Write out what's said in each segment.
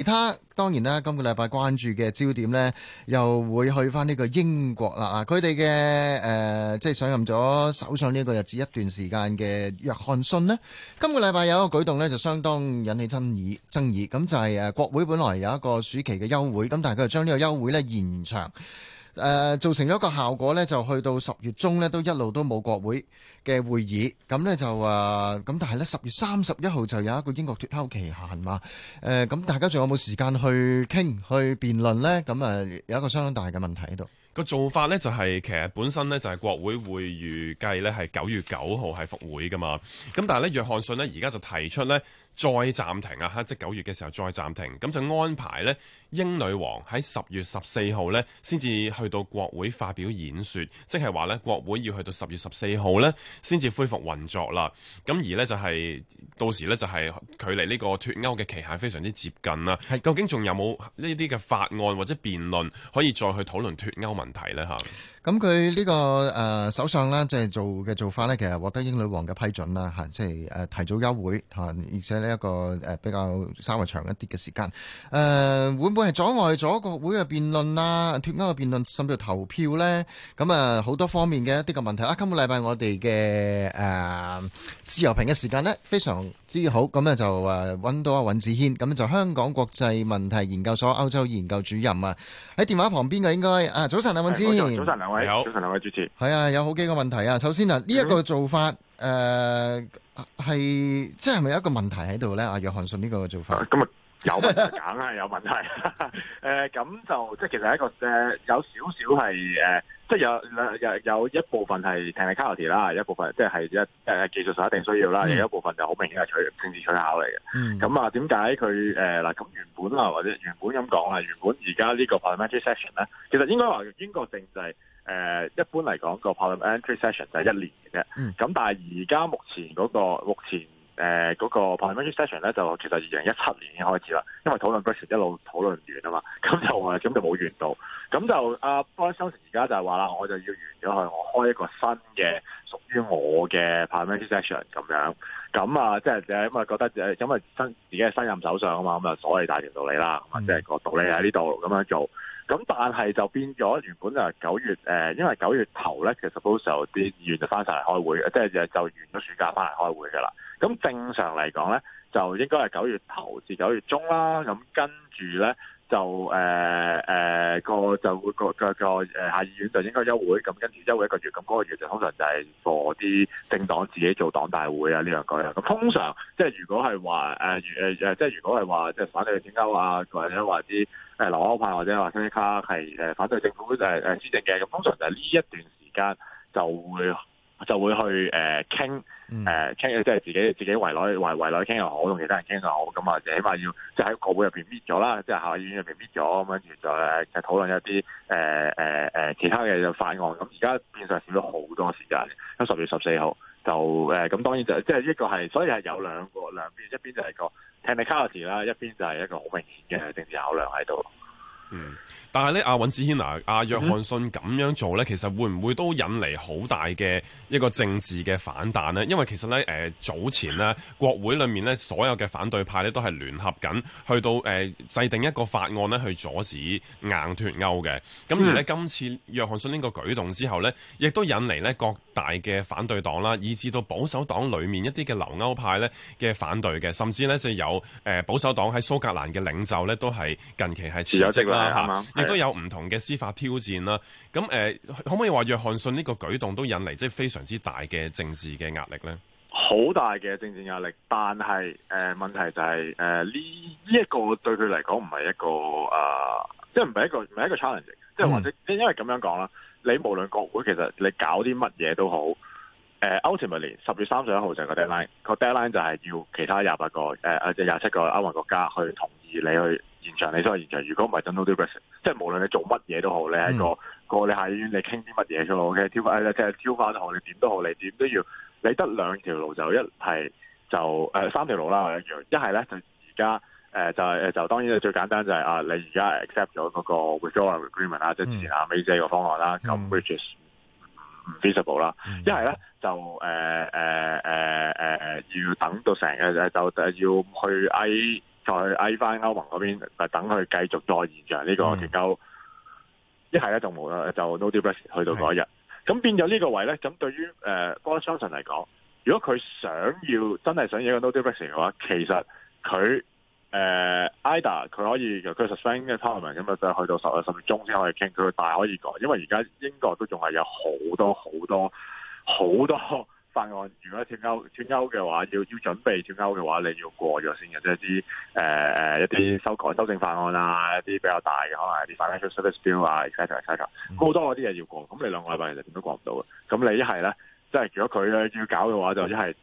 其他當然啦，今個禮拜關注嘅焦點呢，又會去翻呢個英國啦。啊，佢哋嘅即係上任咗首相呢個日子一段時間嘅約翰遜呢，今個禮拜有一個舉動呢，就相當引起爭議。爭議咁就係國會本來有一個暑期嘅休會，咁但係佢就將呢個休會呢延長。誒、呃、造成咗一個效果呢，就去到十月中呢，都一路都冇國會嘅會議，咁、呃、呢，就啊咁，但係呢，十月三十一號就有一個英國脱歐期限嘛。誒、呃、咁，大家仲有冇時間去傾去辯論呢？咁啊有一個相當大嘅問題喺度。個做法咧就係，其實本身咧就係國會會預計咧係九月九號係復會噶嘛，咁但係咧約翰遜咧而家就提出咧再暫停啊，即係九月嘅時候再暫停，咁就安排咧英女王喺十月十四號咧先至去到國會發表演說，即係話咧國會要去到十月十四號咧先至恢復運作啦，咁而咧就係，到時咧就係距離呢個脫歐嘅期限非常之接近啦。究竟仲有冇呢啲嘅法案或者辯論可以再去討論脫歐。問題啦，嚇，咁佢呢個誒首相啦，即係做嘅做法呢，其實獲得英女王嘅批准啦嚇，即係誒提早休會，而且呢一個誒比較稍微長一啲嘅時間，誒、呃、會唔會係阻礙咗國會嘅辯論啊、脱歐嘅辯論，甚至投票呢？咁啊好多方面嘅一啲嘅問題啊！今個禮拜我哋嘅誒自由評嘅時間呢，非常之好，咁咧就誒揾到阿尹子軒，咁就香港國際問題研究所歐洲研究主任啊，喺電話旁邊嘅應該啊，早晨。嗯那個、早晨，兩位。早晨，兩位主持。係啊，有好幾個問題啊。首先啊，呢、這、一個做法，誒、嗯呃，係即係咪有一個問題喺度咧？阿、啊、約翰遜呢個做法。啊有問題梗係有問題，誒咁、 呃、就即係其實一個誒、呃、有少少係誒，即係有有有一部分係 technicality 啦，一部分即係一誒技術上一定需要啦，有一部分就好明顯係取政治取巧嚟嘅。咁啊、嗯，點解佢誒嗱咁原本啊或者原本咁講啊，原本而家呢個 parliamentary session 咧，其實應該話英國政制誒一般嚟講個 parliamentary session 就係一年嘅啫。咁、嗯、但係而家目前嗰、嗰個目前，誒嗰、呃那個 parliament session 咧，就其實二零一七年已經開始啦，因為討論 Brexit 一路討論完啊嘛，咁就咁就冇完到，咁就 Boris Johnson 而家就係話啦，我就要完咗佢，我開一個新嘅屬於我嘅 parliament session 咁樣。咁啊即係因啊覺得誒、啊，因為新自己係新任首相啊嘛，咁啊所謂大條道理啦，咁啊即係個道理喺呢度咁樣做，咁但係就變咗原本就九月誒、呃，因為九月頭咧，其實到時候啲議員就翻晒嚟開會，即係就完咗暑假翻嚟開會嘅啦。咁正常嚟講咧，就應該係九月頭至九月中啦。咁跟住咧，就誒誒個就會個、呃、下議院就應該休會，咁跟住休會一個月。咁、那、嗰個月就通常就係俾啲政黨自己做黨大會啊呢樣嘢。咁通常即係如果係話、呃、即係如果係話即係反對脫歐啊，或者話啲誒留歐派或者話親啲卡係反對政府誒誒施政嘅，咁通常就係呢一段時間就會。就會去誒傾，誒傾即係自己自己圍來圍圍內傾又好，同其他人傾又好，咁啊，起碼要即喺個會入面搣咗啦，即係下院入面搣咗咁樣，然就討論一啲誒、呃呃、其他嘅法案。咁而家變實少咗好多時間。咁十月十四號就誒，咁、呃、當然就即係一個係，所以係有兩個兩邊，一邊就係個聽 l 卡 t y 啦，一邊就係一個好明顯嘅政治考量喺度。嗯，但係咧，阿尹子軒嗱，阿、啊、約翰遜咁樣做呢，嗯、其實會唔會都引嚟好大嘅一個政治嘅反彈呢？因為其實呢，誒、呃、早前呢，國會裏面呢，所有嘅反對派呢，都係聯合緊，去到誒、呃、制定一個法案呢，去阻止硬脫歐嘅。咁而呢，嗯、今次約翰遜呢個舉動之後呢，亦都引嚟呢各大嘅反對黨啦，以至到保守黨裏面一啲嘅留歐派呢嘅反對嘅，甚至呢，就有誒、呃、保守黨喺蘇格蘭嘅領袖呢，都係近期係辭咗職啦。啊、亦都有唔同嘅司法挑戰啦，咁誒、啊，可唔可以話約翰遜呢個舉動都引嚟即係非常之大嘅政治嘅壓力咧？好大嘅政治壓力，但係誒、呃、問題就係誒呢呢一個對佢嚟講唔係一個啊，即係唔係一個唔係一個 challenge，即係或者因因為咁樣講啦，你無論國會其實你搞啲乜嘢都好，誒 ultimately 十月三十一號就係個 deadline，個 deadline 就係要其他廿八個誒啊即係廿七個歐盟國家去同。而你去現場，你都係現場，如果唔係，真好啲嘅，即係無論你做乜嘢都好，你係個個、嗯、你下院，你傾啲乜嘢都嚟？OK. 即係挑翻都好，你點都好，你點都要。你得兩條路，就一係就誒、呃、三條路啦，一樣。一係咧就而家誒就係就當然最簡單就係、是、啊，你而家 accept 咗嗰個 withdrawal agreement 啦、嗯，即係前阿美姐個方案啦，咁、嗯、which is 唔 visible 啦、嗯。一係咧就誒誒誒誒要等到成日就、呃、要去再嗌翻歐盟嗰邊，等佢繼續再延長呢個條夠，一係咧就冇啦，就 no deal Brexit 去到嗰日。咁的變咗呢個位咧，咁對於誒 Boris Johnson 嚟講，如果佢想要真係想要個 no deal Brexit 嘅話，其實佢誒 IDA 佢可以佢 suspend 嘅 time 咁咪就去到十月十月中先可以傾，佢大可以講，因為而家英國都仲係有好多好多好多。法案如果要脫歐脫歐嘅話，要要準備脫歐嘅話，你要過咗先嘅，即係啲、呃、一啲修改修正法案啊，一啲比較大嘅，可能係啲 financial service bill 啊，etc etc，好多嗰啲嘢要過，咁你兩個禮拜其實點都過唔到嘅。咁你一係咧，即係如果佢要搞嘅話，就一係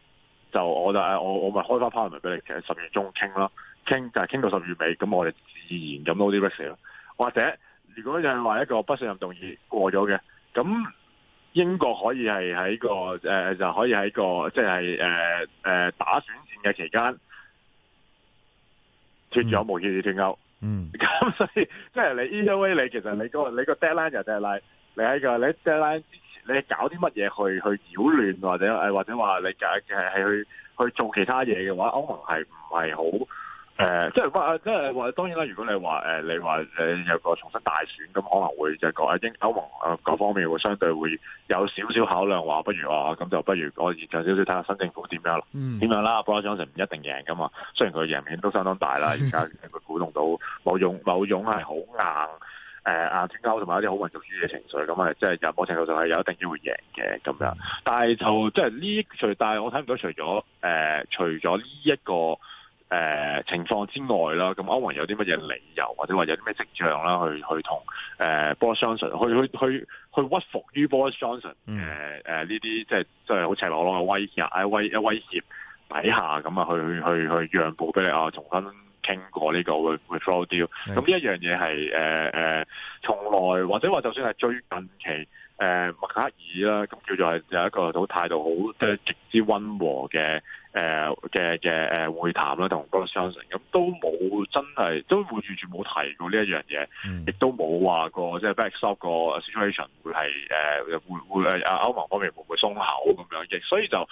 就我，我，我就我我咪開翻 partner 俾你，其實十月中傾咯，傾就係傾到十月尾，咁我哋自然咁攞啲 budget 咯。或者如果就係話一個不信任動議過咗嘅，咁。英國可以係喺個誒，就、呃、可以喺個即係誒誒打選戰嘅期間，斷咗無協議脫歐。嗯，咁 所以即係你 either way，你其實你、個你個 deadline 就 deadline，你喺個你 deadline 之前，你，line, 你，line, 你搞啲乜嘢去去擾亂或者誒或者話你搞係係去去做其他嘢嘅話，歐盟係唔係好？誒，即係話，即係話，當然啦。如果你話誒、呃，你話誒有個重新大選，咁可能會一個阿英歐盟誒嗰方面會相對會有少少考量，話不如啊，咁就不如我而就少少睇下新政府點樣咯，點樣啦。波音當唔一定贏噶嘛，雖然佢贏面都相當大啦，而家佢鼓動到某勇某係好硬誒，硬、呃、脫歐同埋一啲好民族主義情緒，咁、嗯、啊、嗯嗯，即係有某程度上係有一定要會贏嘅咁樣。但係就即係呢，除但係我睇唔到除、呃，除咗誒，除咗呢一個。誒、呃、情況之外啦，咁歐盟有啲乜嘢理由，或者話有啲咩跡象啦，去去同誒 Boris Johnson 去去去去屈服於 Boris Johnson 誒誒呢啲即係即係好赤裸裸嘅威壓，威威，威脅底下，咁啊去去去讓步俾你啊，重新傾過呢、呢個會會 fail 掉。咁呢一樣嘢係誒誒從來或者話就算係最近期。誒，默克爾啦，咁叫做係有一個好態度，好即係極之溫和嘅誒嘅嘅誒會談啦，同 Boris Johnson 咁都冇真係，都完全冇提過呢一樣嘢，亦、嗯、都冇話過即係、就是、backstop 個 situation 會係會會會歐盟方面會唔會鬆口咁樣，亦所以就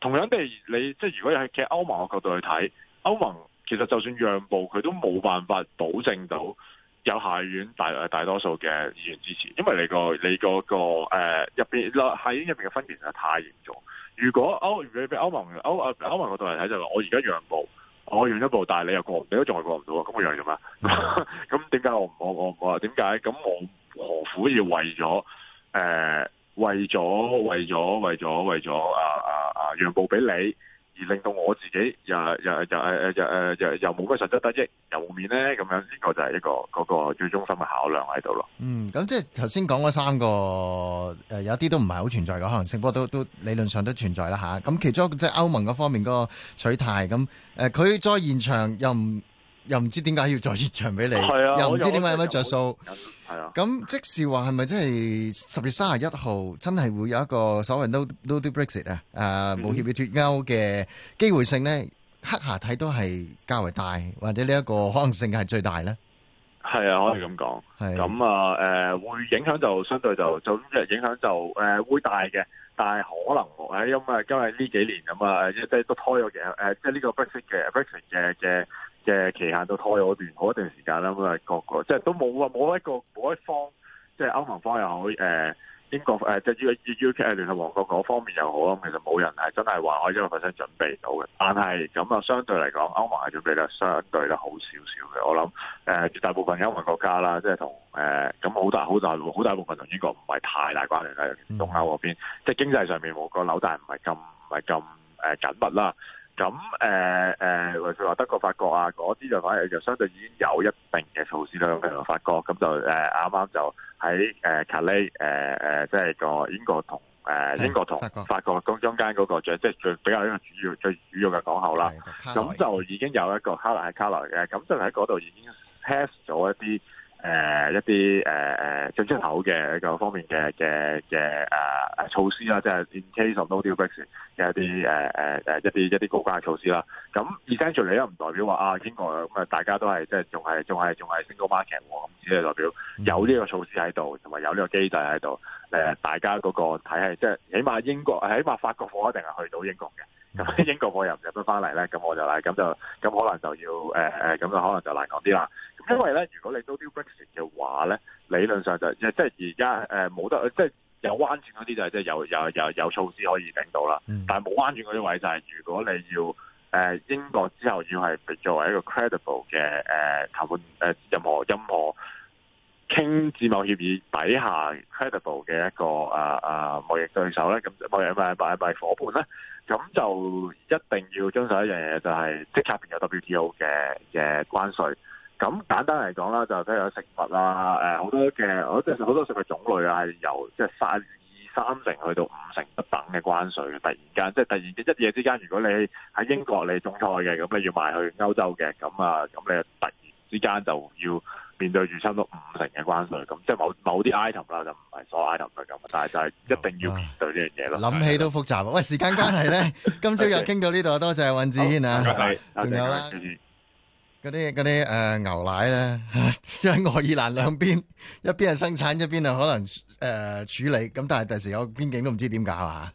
同樣地，你即係如果係喺歐盟嘅角度去睇，歐盟其實就算讓步，佢都冇辦法保證到。有下院大大多數嘅議員支持，因為你，你、嗰個你嗰個入邊落下院入邊嘅分歧實在太嚴重。如果歐，如果歐盟歐啊歐盟嗰度嚟睇就話，我而家讓步，我讓一步，但係你又過唔，你都仲係過唔到啊，咁我讓咗咩？咁點解我唔我我我點解？咁我何苦要為咗誒、呃、為咗為咗為咗為咗啊啊啊讓步俾你？而令到我自己又又又誒誒又誒又又冇乜實質得益，又冇面咧咁樣，呢個就係一個嗰、嗰個最中心嘅考量喺度咯。嗯，咁即係頭先講嗰三個誒、呃，有啲都唔係好存在嘅可能性，不過都都理論上都存在啦嚇。咁、啊、其中即係歐盟嗰方面嗰個取態咁，誒佢再現場又唔。又唔知點解要再熱場俾你，又唔知點解有乜著數？係啊。咁即係話係咪即係十月三十一號真係會有一個所謂 no no deal Brexit 啊？誒，無協議脫歐嘅機會性咧，刻下睇都係較為大，或者呢一個可能性係最大咧。係啊，可以咁講。係咁啊，誒會影響就相對就就影響就誒會大嘅，但係可能喺因為因為呢幾年咁啊，即係都拖咗嘅誒，即係呢個 Brexit 嘅 Brexit 嘅嘅。嘅期限都拖咗段好一段時間啦，咁啊各個即係都冇啊，冇一個冇一方，即係歐盟方又好，誒英國誒即係 U U K 聯合王國嗰方面又好，咁其實冇人係真係話可以一佢份身準備到嘅。但係咁啊，相對嚟講，歐盟係準備得相對得好少少嘅。我諗誒、呃、絕大部分歐盟國家啦，即係同誒咁好大好大好大部分同英國唔係太大關聯嘅，東歐嗰邊、嗯、即係經濟上面冇個紐帶，唔係咁唔係咁誒緊密啦。咁誒誒，例如話、呃、德國、法國啊，嗰啲就反而就相對已經有一定嘅措施啦。話好法國，咁就啱啱、呃、就喺卡利即係英國同、呃、英國同法國中間嗰個最即係最比較一個主要最主要嘅港口啦。咁的就已經有一個卡來喺卡來嘅，咁就喺嗰度已經 pass 咗一啲。誒、呃、一啲誒誒進出口嘅一方面嘅嘅嘅誒措施啦，即係 in case of no deal Brexit 嘅一啲誒誒誒一啲一啲國家嘅措施啦。咁 essentially 嚟咧，唔代表話啊英國咁啊大家都係即係仲係仲係仲係 single market 喎、啊。咁只係代表有呢個措施喺度，同埋有呢個機制喺度。誒、啊、大家嗰個睇係即係起碼英國起碼法國貨一定係去到英國嘅。咁、啊、英國貨又唔入得翻嚟咧，咁我就係咁就咁可能就要誒誒咁就可能就難講啲啦。因為咧，如果你都丟 Brexit 嘅話咧，理論上就即係即係而家誒冇得即係有彎轉嗰啲就係即係有有有有措施可以頂到啦。但係冇彎轉嗰啲位就係、是、如果你要誒英國之後要係作為一個 credible 嘅誒談判誒任何任何傾自貿協議底下 credible 嘅一個啊啊貿易對手咧，咁貿易拜貿易夥伴咧，咁就一定要遵守一樣嘢，就係即刻變成 W T O 嘅嘅關稅。咁簡單嚟講啦，就睇下食物啦。誒好多嘅，我即係好多食物種類啊，係由即係三二三成去到五成不等嘅關稅。突然間，即係突然一夜之間，如果你喺英國你種菜嘅，咁你要賣去歐洲嘅，咁啊，咁你突然之間就要面對住差唔多五成嘅關稅。咁即係某某啲 item 啦，就唔係所有 item 係咁，但係就係一定要面對呢樣嘢啦。諗起都複雜的喂，時間關係咧， 今朝又傾到呢度， 多謝尹子軒啊，啦。謝謝。嗰啲嗰啲誒牛奶咧，即係愛爾蘭兩邊，一邊係生產，一邊係可能誒處理，咁但係第時有邊境都唔知點搞啊！